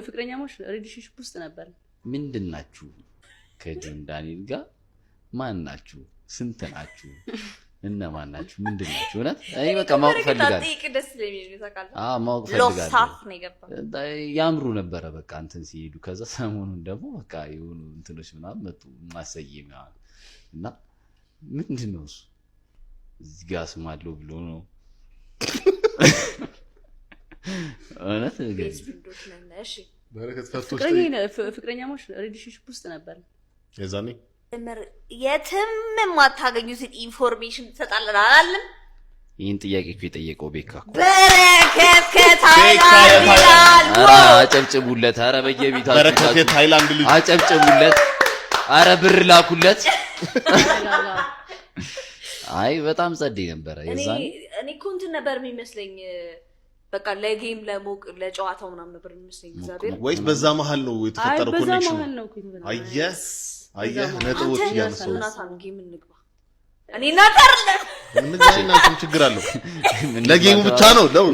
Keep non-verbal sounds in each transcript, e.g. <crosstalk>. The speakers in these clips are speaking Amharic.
ፍቅረኛሞች ሪሌሽንሽፕ ውስጥ ነበር። ምንድን ናችሁ? ከጆን ዳንኤል ጋር ማን ናችሁ? ስንት ናችሁ? እነማን ናችሁ? ምንድን ናችሁ? እውነት እኔ በቃ ማወቅ ፈልጋለሁ። ያምሩ ነበረ በቃ እንትን ሲሄዱ። ከዛ ሰሞኑን ደግሞ በቃ የሆኑ እንትኖች ምናምን መጡ ማሰየም እና ምንድን ነው እሱ እዚህ ጋ ስማለው ብሎ ነው እውነት ፍቅረኛሞች ሪሌሽንሽፕ ውስጥ ነበር የዛኔ የትም የማታገኙትን ኢንፎርሜሽን ትሰጣለን አላለም። ይህን ጥያቄ የጠየቀው ቤካ አጨብጭቡለት። አረ በየቤት ልጅ አጨብጭቡለት። አረ ብር ላኩለት። <laughs> አይ በጣም ጸዴ ነበረ። እኔ ነበር የሚመስለኝ በቃ ለጌም ለሞቅ ለጨዋታው ምናም ነበር የሚመስለኝ። እግዚአብሔር ወይስ በዛ መሀል ነው የተፈጠረው ኮኔክሽን? አየህ አየህ፣ ነጥቦች ጌም እንግባ። እኔ ችግር አለው? <laughs> ለጌሙ ብቻ ነው ጌሙ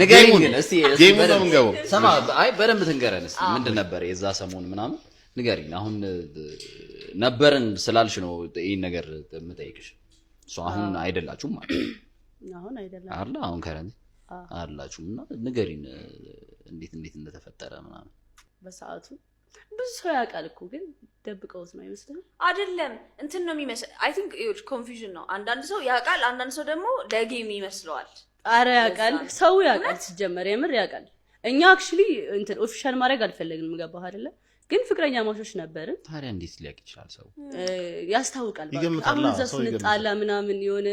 ነው የምንገባው። ስማ፣ አይ በደንብ ትንገረን እስኪ ምንድን ነበር የዛ ሰሞን ምናምን ንገሪኝ። አሁን ነበርን ስላልሽ ነው ይህን ነገር የምጠይቅሽ። አሁን አይደላችሁም ማለት አሁን አይደላችሁም አሁን ከረንት አላችሁም እና ንገሪን እንዴት እንዴት እንደተፈጠረ ምናምን። በሰዓቱ ብዙ ሰው ያውቃል እኮ ግን ደብቀውት ነው አይመስልም። አይደለም እንትን ነው የሚመስል አይ ቲንክ ኮንፊውዥን ነው። አንዳንድ ሰው ያውቃል፣ አንዳንድ ሰው ደግሞ ለጌም ይመስለዋል። አረ ያውቃል፣ ሰው ያውቃል፣ ሲጀመር የምር ያውቃል። እኛ አክቹዋሊ እንትን ኦፊሻል ማድረግ አልፈለግንም። ገባህ አይደለ? ግን ፍቅረኛ ማሾች ነበርን። ታዲያ እንዴት ሊያውቅ ይችላል? ሰው ያስታውቃል። አሁን እዛ ስንጣላ ምናምን የሆነ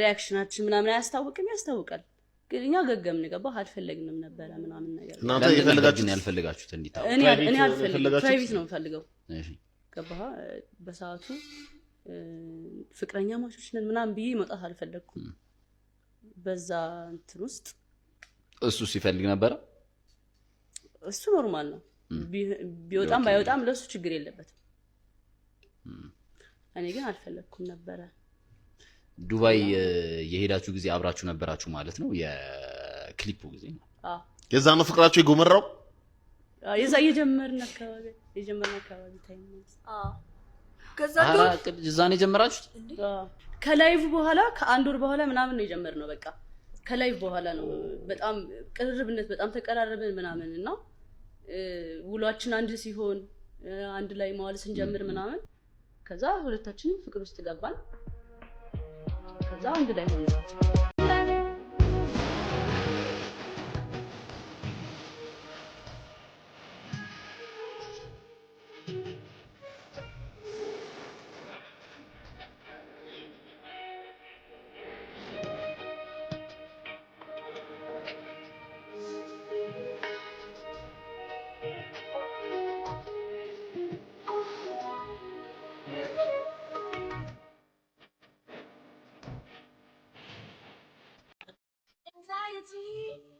ሪያክሽናችን ምናምን አያስታውቅም? ያስታውቃል እኛ ገገምን ገባህ አልፈለግንም ነበረ ምናምን ነገር እናንተ የፈለጋችሁት ያልፈለጋችሁት እንዲታወቅ እኔ አልፈልግም ፕራይቬት ነው የምፈልገው ገባህ በሰዓቱ ፍቅረኛ ማቾች ነን ምናምን ብዬ መውጣት አልፈለግኩም በዛ እንትን ውስጥ እሱ ሲፈልግ ነበረ እሱ ኖርማል ነው ቢወጣም ባይወጣም ለእሱ ችግር የለበትም እኔ ግን አልፈለግኩም ነበረ ዱባይ የሄዳችሁ ጊዜ አብራችሁ ነበራችሁ ማለት ነው። የክሊፑ ጊዜ ነው። የዛ ነው ፍቅራችሁ የጎመራው። የዛ የጀመርን አካባቢ የጀመርን አካባቢ ነው የጀመራችሁት? ከላይቭ በኋላ ከአንድ ወር በኋላ ምናምን ነው ነው። በቃ ከላይቭ በኋላ ነው በጣም ቅርርብነት፣ በጣም ተቀራረብን ምናምን እና ውሏችን አንድ ሲሆን አንድ ላይ መዋል ስንጀምር ምናምን ከዛ ሁለታችንም ፍቅር ውስጥ ገባን። 当然得会了。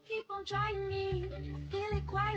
keep on trying me, feel it